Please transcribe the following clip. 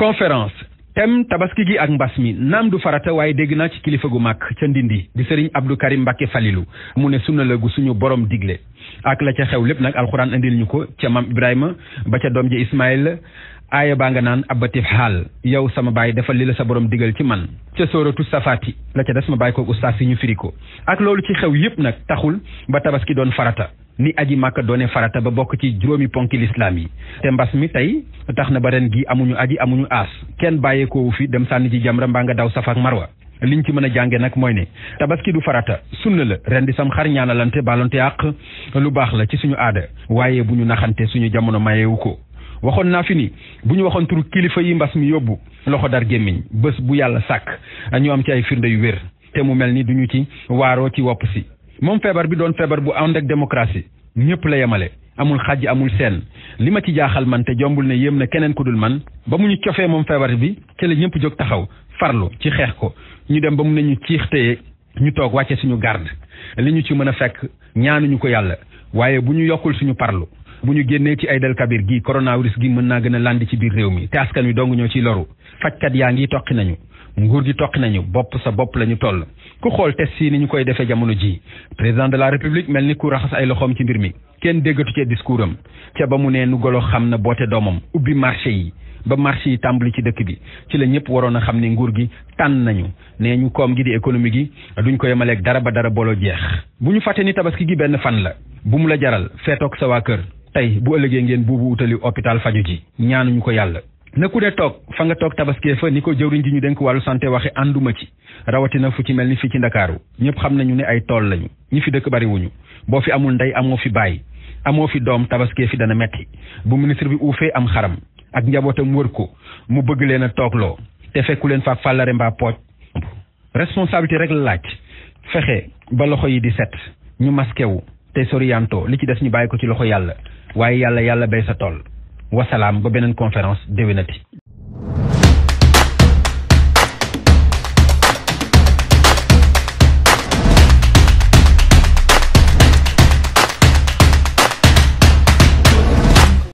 conférence thème tabaski gi ak mbas mi naam du farata waaye dégg naa ci kilifa gu mag ca ndindi di sëriñ Abdou Karim Mbacke Falilou mu ne sunna la gu suñu borom digle ak la ca xew lépp nag alxuraan indil ñu ko ca mam Ibrahima ba ca doom ji Ismaïl aaya baa nga naan abatif xaal yow sama baay defal li la sa borom digal ci man ca sóoratu safaati la ca des ma baay kooku ustaas ñu firi ko ak loolu ci xew yëpp nag taxul ba tabaski doon farata ni aji màkka doone farata ba bokk ci juróomi ponki lislaam yi te mbas mi tey tax na ba ren gi amuñu aji amuñu aas kenn bàyyeekoowu fi dem sànni ci jamra mbaa nga daw safa ak li ñu ci mën a jànge nag mooy ne tabaski du farata sunna la ren di sam xar ñaanalante baalante àq lu baax la ci suñu aada waaye bu ñu naxante suñu jamono mayewu ko waxoon naa fi ni bu ñu waxoon turu kilifa yi mbas mi yóbbu loxo dar gémmiñ bés bu yàlla sàkk ñu am ci ay firnde yu wér te mu mel ni duñu ci waaroo ci wopp si moom feebar bi doon feebar bu ànd ak démocratie ñëpp la yemale amul xaj amul seen li ma ci jaaxal man te jombul ne yéem na keneen ku dul man ba mu ñu cofee moom feebar bi ci la ñëpp jóg taxaw farlu ci xeex ko ñu dem ba mu ne ñu ciix téye ñu toog wàcce suñu garde li ñu ci mën a fekk ñu ko yàlla waaye bu ñu yokkul suñu parlu bu ñu génnee ci Aïd el Kabir gi coronavirus gi mën naa gën a landi ci biir réew mi te askan wi dong ñoo ciy loru fajkat yaa ngi toqi nañu nguur gi toqi nañu bopp sa bopp la ñu toll ku xool te yi ni ñu koy defee jamono ji président de la république mel ni ku raxas ay loxoom ci mbir mi kenn déggatu ca discours am ca ba mu ne nu golo xam na boote doomam ubbi marché yi ba marché yi tàmbali ci dëkk bi ci la ñëpp waroon a xam ni nguur gi tànn nañu nee ñu koom gi di économie gi duñ koy yemaleeg dara ba dara booloo jeex. bu ñu fàtte ni tabaski gi benn fan la bu mu la jaral feetoog sa waa kër tey bu ëllëgee ngeen buubu wutali hôpital faju ji ñaanuñu ko yàlla. na ku dee toog fa nga toog tabaskee fa ni ko jëwriñ ji ñu dénk wàllu santé waxe ànduma ci rawatina fu ci mel ni fii ci ndakaaru ñëpp xam nañu ne ay tool lañu ñi fi dëkk bariwuñu boo fi amul ndey amoo fi bàyyi amoo fi doom tabaskee fi dana metti bu ministre bi uufee am xaram ak njabootam wër ko mu bëgg leen a toogloo te fekku leen faak fàllare mbaa pooj responsabilité rek la laaj fexe ba loxo yi di set ñu maskewu te soriyanto li ci des ñu bàyyi ko ci loxo yàlla waaye yàlla yàlla bay sa tool wasalaam ba beneen conférence déwénati